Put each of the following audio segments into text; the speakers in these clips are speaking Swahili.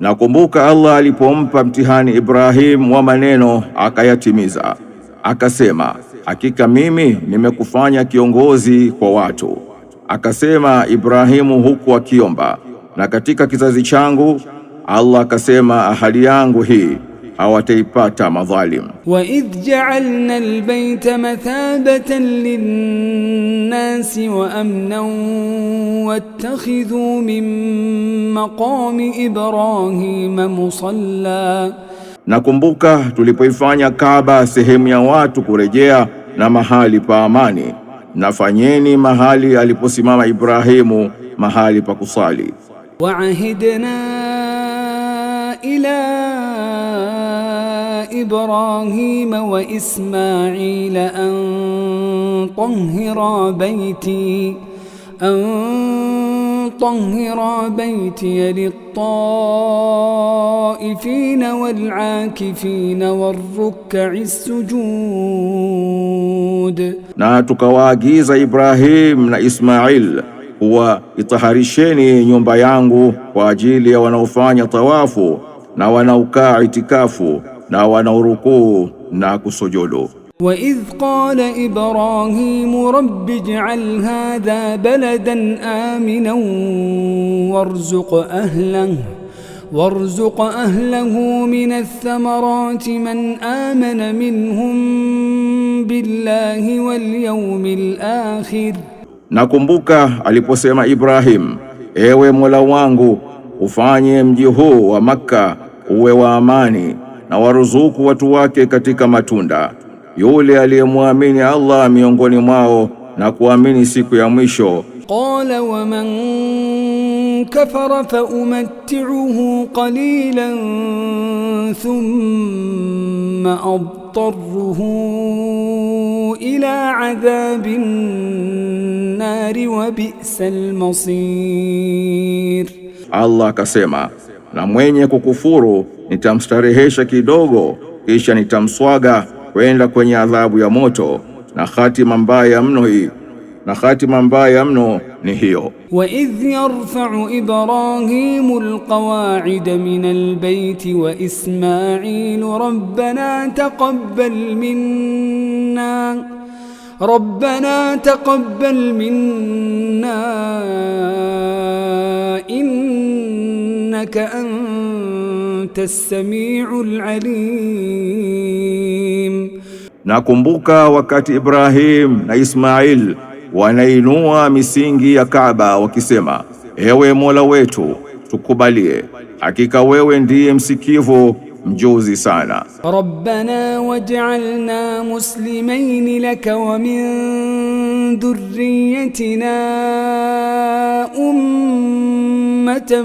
Nakumbuka Allah alipompa mtihani Ibrahim wa maneno akayatimiza, akasema hakika mimi nimekufanya kiongozi kwa watu. Akasema Ibrahimu huku akiomba, na katika kizazi changu. Allah akasema ahadi yangu hii hawataipata madhalim. Wa idh ja'alna albayta mathabatan linnasi wa amnan wattakhidhu min maqami Ibrahima musalla, nakumbuka tulipoifanya Kaaba sehemu ya watu kurejea na mahali pa amani, nafanyeni mahali aliposimama Ibrahimu mahali pa kusali. Wa ahidna ila إبراهيم وإسماعيل أن طهر بيتي أن طهر بيتي للطائفين والعاكفين والركع السجود ناتوكا واجيزا إبراهيم نا إسماعيل هو إطهارشيني نيومبا يانغو واجيليا ونوفانيا طوافو na wanaokaa itikafu na wanaorukuu na kusujudu. Wa idh qala Ibrahim rabbi ij'al hadha baladan aminan warzuq ahlahu warzuq ahlahu min ath-thamarati man amana minhum billahi wal yawmil akhir, nakumbuka aliposema Ibrahim, ewe Mola wangu ufanye mji huu wa Makka uwe wa amani na waruzuku watu wake katika matunda. Yule aliyemwamini Allah miongoni mwao na kuamini siku ya mwisho. Qala wa man kafara fa umatti'uhu qalilan thumma adtarruhu ila adhabin nari wa bi'sal masir. Allah akasema na mwenye kukufuru nitamstarehesha kidogo, kisha nitamswaga kwenda kwenye adhabu ya moto, na hatima mbaya mno hii na hatima mbaya mno ni hiyo. wa idh yarfa'u Ibrahimu alqawa'id min albayt wa isma'il rabbana taqabbal minna rabbana taqabbal minna inna innaka anta samiul alim, nakumbuka wakati Ibrahim na Ismail wanainua misingi ya Kaaba wakisema, ewe Mola wetu tukubalie, hakika wewe ndiye msikivu mjuzi sana. Rabbana waj'alna muslimain laka wa min dhurriyyatina um أمة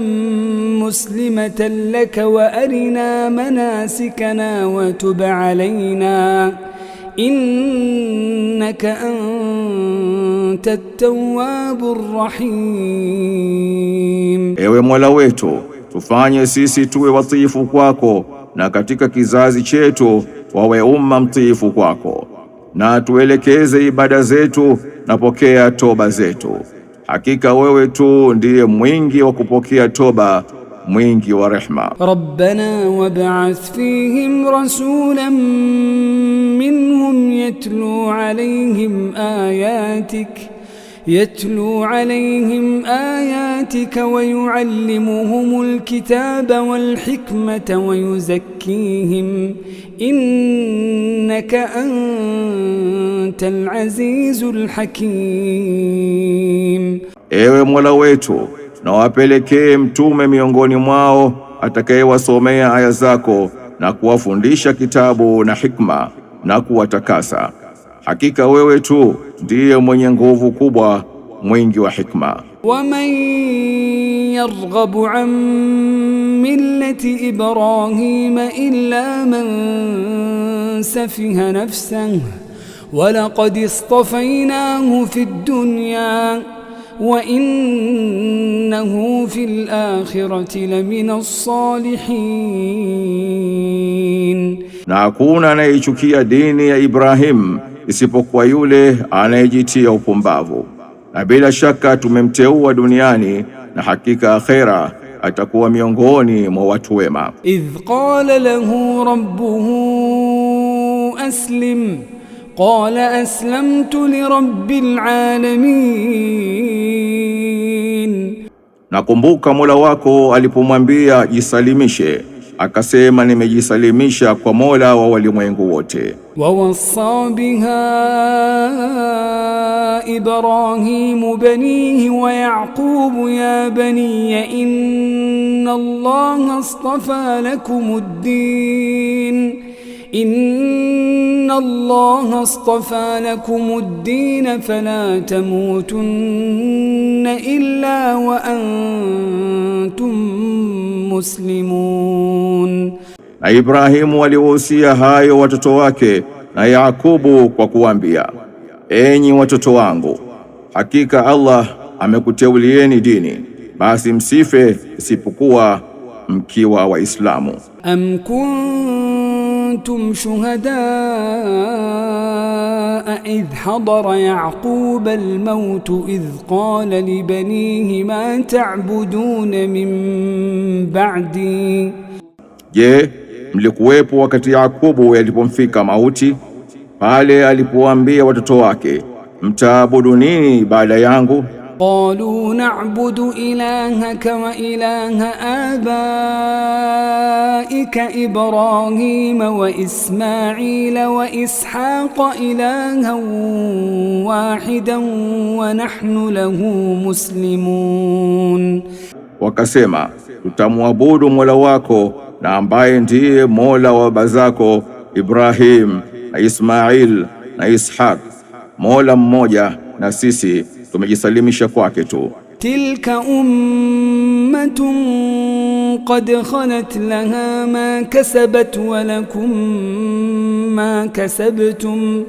مسلمة لك وأرنا مناسكنا وتب علينا إنك أنت التواب الرحيم Ewe Mola wetu tufanye sisi tuwe watiifu kwako na katika kizazi chetu wawe umma mtiifu kwako na tuelekeze ibada zetu na pokea toba zetu Hakika wewe tu ndiye mwingi wa kupokea toba, mwingi wa rehma. Rabbana wab'ath fihim rasulan minhum yatlu alayhim ayatik يتلو عليهم آياتك ويعلمهم الكتاب والحكمة ويزكيهم إنك أنت العزيز الحكيم Ewe Mola wetu na wapelekee mtume miongoni mwao atakayewasomea aya zako na kuwafundisha kitabu na hikma na kuwatakasa Hakika wewe tu ndiye mwenye nguvu kubwa, mwingi wa hikma. Waman yarghabu an millati Ibrahima illa man safiha nafsahu walaqad istafaynahu fi dunya wa innahu fil akhirati laminas salihin, na hakuna anayeichukia dini ya Ibrahim isipokuwa yule anayejitia upumbavu, na bila shaka tumemteua duniani na hakika akhera atakuwa miongoni mwa watu wema. idh qala lahu rabbuhu aslim qala aslamtu rabbil alamin, nakumbuka Mola wako alipomwambia jisalimishe akasema nimejisalimisha kwa Mola wa walimwengu wote. wawasa biha إبراهيم بنيه ويعقوب يا بني إن الله اصطفى لكم الدين إن الله اصطفى لكم الدين فلا تموتن إلا وأنتم مسلمون إبراهيم Ibrahimu هاي وتتواكي watoto wake na Yakubu kwa kuambia enyi watoto wangu, hakika Allah amekuteulieni dini, basi msife isipokuwa mkiwa Waislamu. am kuntum shuhada idh hadara yaqub almaut idh qala libanihi ma tabudun min ba'di, je, mlikuwepo wakati Yakubu yalipomfika mauti pale alipowaambia watoto wake, mtaabudu nini baada yangu? Qalu na'budu ilahaka wa ilaha abaika Ibrahima wa Ismaila wa Ishaqa ilahan wahidan wa nahnu lahu muslimun, wakasema tutamwabudu Mola wako na ambaye ndiye Mola wa baba zako Ibrahim na Ismail na Ishaq, Mola mmoja na sisi tumejisalimisha kwake tu. Tilka ummatun qad khanat laha ma kasabat wa lakum ma kasabtum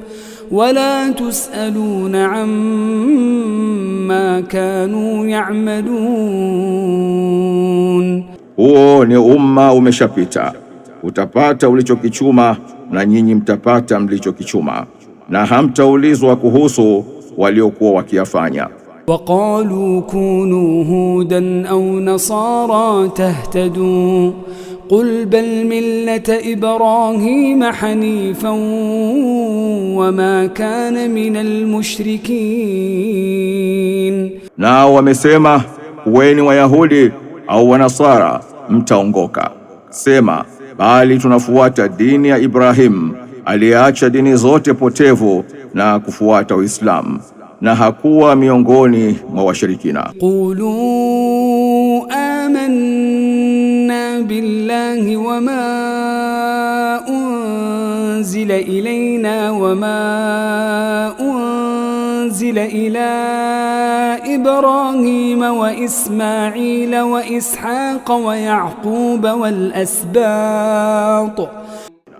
wala tusaluna amma kanu ya'malun, huo ni umma umeshapita utapata ulichokichuma na nyinyi mtapata mlichokichuma, na hamtaulizwa kuhusu waliokuwa wakiyafanya. Waqalu kunu hudan au nasara tahtadu qul bal millata ibrahim hanifan wama kana minal mushrikin, nao wamesema kuweni Wayahudi au Wanasara mtaongoka. Sema bali tunafuata dini ya Ibrahimu aliyeacha dini zote potevu na kufuata Uislamu na hakuwa miongoni mwa washirikina. Qulu amanna billahi wama unzila ilayna wama أنزل إلى إبراهيم وإسماعيل وإسحاق ويعقوب والأسباط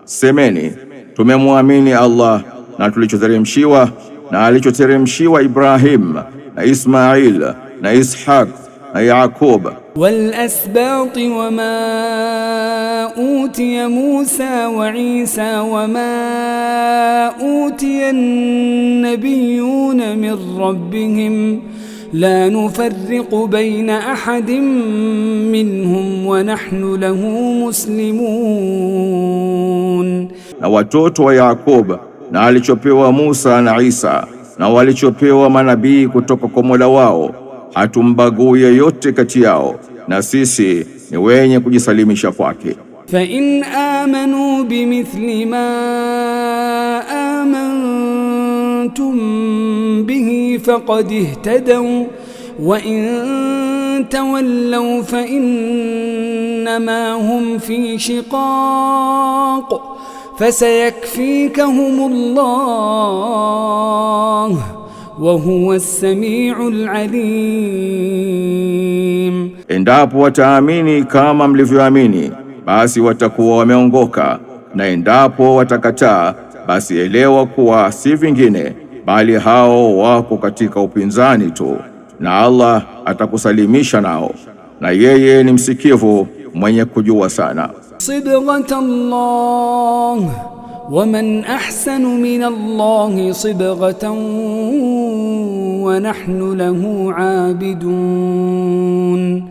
Semeni, tumemwamini Allah na tulichoteremshiwa na alichoteremshiwa Ibrahim na Ismail na Ishaq na Yaqub walasbati wama أوتي موسى وعيسى وما أوتي النبيون من ربهم لا نفرق بين أحد منهم ونحن له مسلمون na watoto wa Yakoba na alichopewa Musa na Isa na walichopewa manabii kutoka kwa Mola wao hatumbagui yeyote kati yao na sisi ni wenye kujisalimisha kwake. فإن آمنوا بمثل ما آمنتم به فقد اهتدوا وإن تولوا فإنما هم في شقاق فسيكفيكهم الله وهو السميع العليم. Endapo wataamini kama mlivyoamini basi watakuwa wameongoka, na endapo watakataa, basi elewa kuwa si vingine bali hao wako katika upinzani tu, na Allah atakusalimisha nao, na yeye ni msikivu mwenye kujua sana. Sidqat wa man ahsanu min Allah sidqatan wa nahnu lahu abidun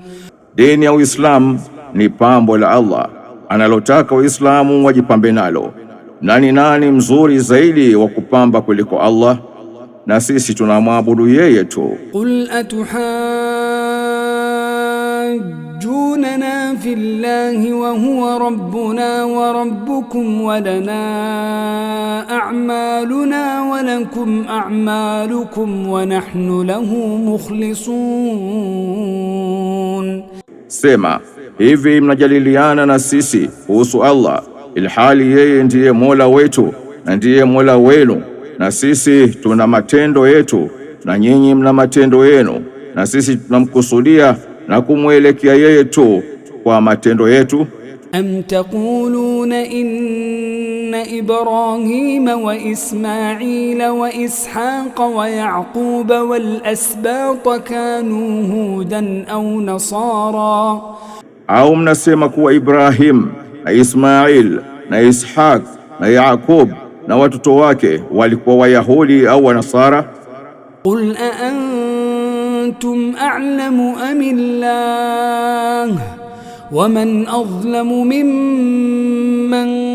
Dini ya Uislamu ni pambo la Allah analotaka Waislamu wajipambe nalo. Nani nani mzuri zaidi wa kupamba kuliko Allah? Na sisi tunamwabudu yeye tu. Qul atuhajjunana fillahi wa huwa rabbuna wa rabbukum wa lana a'maluna wa lakum a'malukum wa nahnu lahu mukhlisun Sema hivi, mnajadiliana na sisi kuhusu Allah ilhali yeye ndiye Mola wetu na ndiye Mola wenu, na sisi tuna matendo yetu na nyinyi mna matendo yenu, na sisi tunamkusudia na kumwelekea yeye tu kwa matendo yetu. am taquluna in إبراهيم وإسماعيل وإسحاق ويعقوب والأسباط كانوا هودا أو نصارى أو من السمك وإبراهيم وإسماعيل وإسحاق ويعقوب نواتتواك والكوا ويهولي أو نصارى قل أأنتم أعلم أم الله ومن أظلم ممن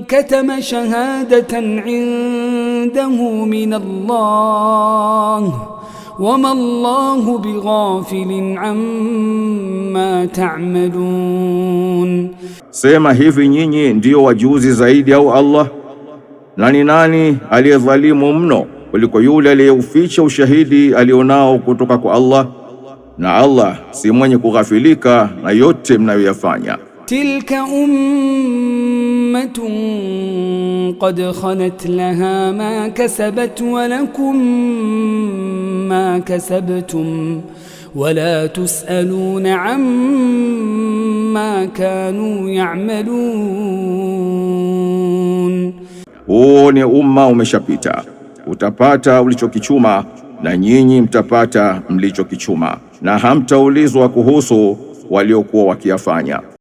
كتم شهادة عنده من الله وما الله bighafilin amma ta'malun, sema hivi nyinyi ndiyo wajuzi zaidi au Allah? Na ni nani aliyedhalimu mno kuliko yule aliyeuficha ushahidi alionao kutoka kwa Allah? Na Allah si mwenye kughafilika na yote mnayoyafanya. tilka um أمة قد خلت لها ما كسبت ولكم ما كسبتم ولا تسألون عما كانوا يعملون. Huo ni umma umeshapita, utapata ulichokichuma na nyinyi mtapata mlichokichuma, na hamtaulizwa kuhusu waliokuwa wakiyafanya.